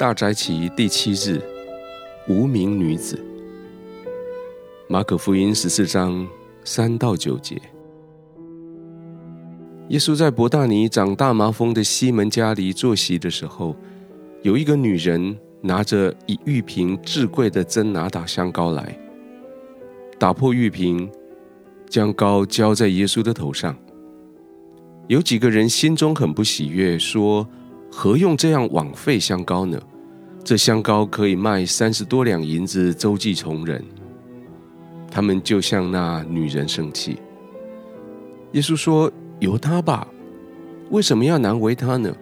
大齋期第七日，無名女子。馬可福音十四章三到九節。耶穌在伯大尼長大麻風的西門家裡坐席的時候，有一個女人拿着一玉瓶至貴的真哪噠香膏來，打破玉瓶，將膏澆在耶穌的頭上。有幾個人心中很不喜悅，說。何用這樣枉費香膏呢？這香膏可以賣三十多兩銀子，周濟窮人。他們就向那女人生氣。耶穌說：“由他吧，為什麼要難為他呢？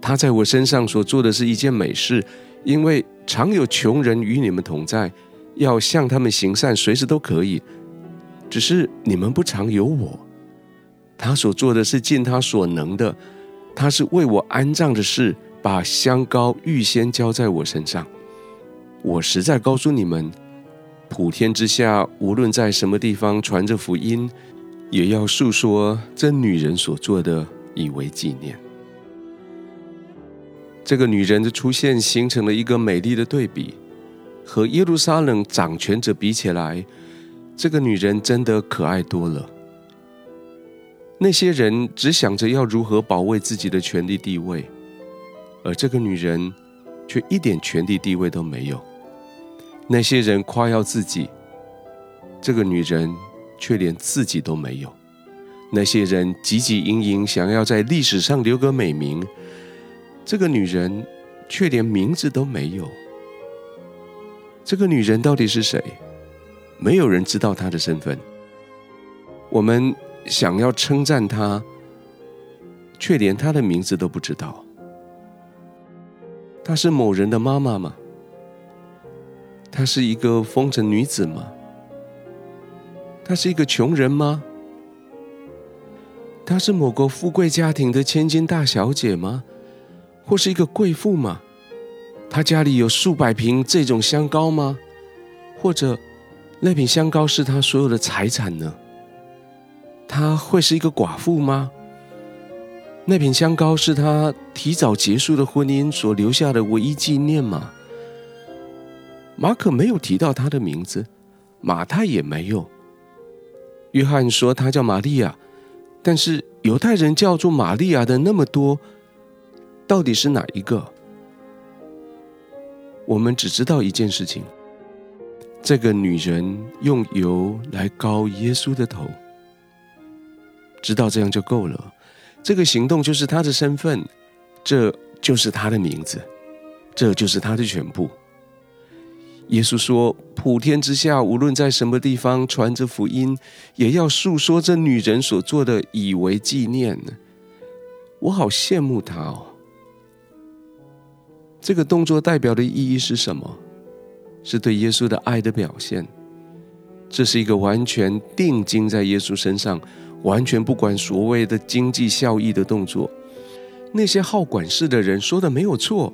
他在我身上所做的是一件美事，因為常有窮人與你們同在，要向他們行善，隨時都可以。只是你們不常有我。他所做的是盡他所能的。”她是為我安葬的事，把香膏預先澆在我身上。我實在告訴你們，普天之下，無論在什麼地方傳這福音，也要述說這女人所做的，以為紀念。這個女人的出現形成了一個美麗的對比，和耶路撒冷掌權者比起來，這個女人真的可愛多了。那些人只想着要如何保衛自己的權力地位，而這個女人卻一點權力地位都沒有。那些人誇耀自己，這個女人卻連自己都沒有。那些人汲汲營營，想要在歷史上留個美名，這個女人卻連名字都沒有。這個女人到底是誰？沒有人知道她的身份。我們想要稱讚她，卻連她的名字都不知道。她是某人的媽媽嗎？她是一個風塵女子嗎？她是一個窮人嗎？她是某個富貴家庭的千金大小姐嗎？或是一個貴婦嗎？她家裡有數百瓶這種香膏嗎？或者，那瓶香膏是她所有的財產呢？她會是一個寡婦嗎？那瓶香膏是她提早結束的婚姻所留下的唯一紀念嗎？馬可沒有提到她的名字，馬太也沒有。約翰說她叫瑪利亞，但是猶太人叫做瑪利亞的那麼多，到底是哪一個？我們只知道一件事情：這個女人用油來膏耶穌的頭。知道這樣就夠了，這個行動就是他的身份，這就是他的名字，這就是他的全部。耶穌說：“普天之下，無論在什麼地方傳這福音，也要述說這女人所做的，以為紀念。”我好羨慕她哦。這個動作代表的意義是什麼？是對耶穌的愛的表現。這是一個完全定睛在耶穌身上，完全不管所謂的經濟效益的動作。那些好管事的人說的沒有錯，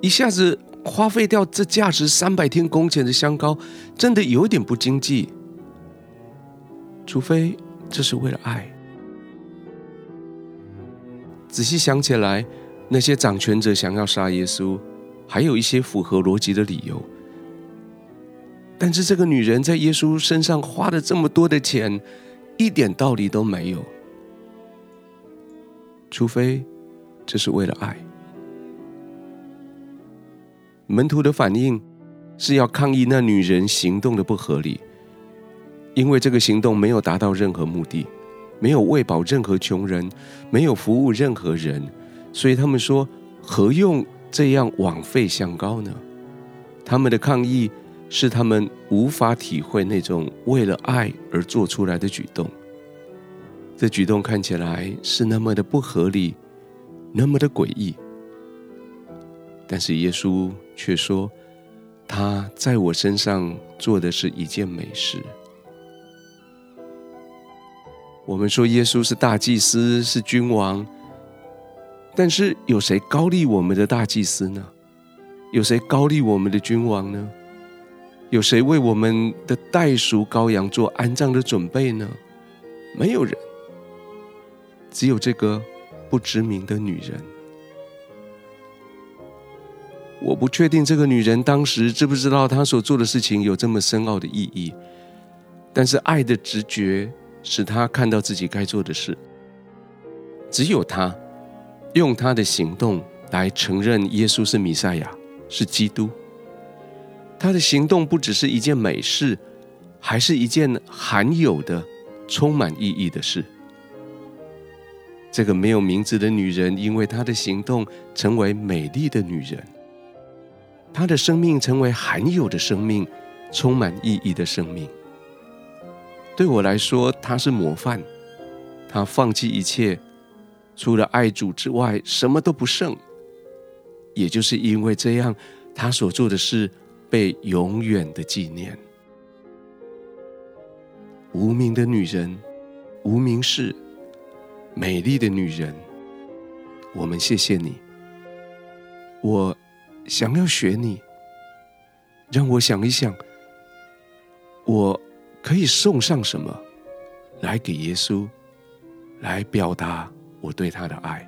一下子花費掉這價值三百天工錢的香膏，真的有點不經濟。除非這是為了愛。仔細想起來，那些掌權者想要殺耶穌，還有一些符合邏輯的理由。但是這個女人在耶穌身上花了這麼多的錢，一點道理都沒有。除非，這是為了愛。門徒的反應是要抗議那女人行動的不合理，因為這個行動沒有達到任何目的，沒有餵飽任何窮人，沒有服務任何人，所以他們說：何用這樣枉費香膏呢？他們的抗議。是他們無法體會那種為了愛而做出來的舉動，這舉動看起來是那麼的不合理，那麼的詭異。但是耶穌卻說，他在我身上做的是一件美事。我們說耶穌是大祭司，是君王，但是有誰膏立我們的大祭司呢？有誰膏立我們的君王呢？有誰為我們的代贖羔羊做安葬的準備呢？沒有人，只有這個不知名的女人。我不確定這個女人當時知不知道她所做的事情有這麼深奧的意義，但是愛的直覺使她看到自己該做的事。只有她，用她的行動來承認耶穌是彌賽亞，是基督。她的行動不只是一件美事，還是一件罕有的、充滿意義的事。這個沒有名字的女人，因為她的行動，成為美麗的女人。她的生命成為罕有的生命，充滿意義的生命。對我來說，她是模範。她放棄一切，除了愛主之外，什麼都不剩。也就是因為這樣，她所做的事，被永遠的紀念。無名的女人，無名氏，美麗的女人，我們謝謝你。我想要學你，讓我想一想，我可以送上什麼來給耶穌，來表達我對他的愛。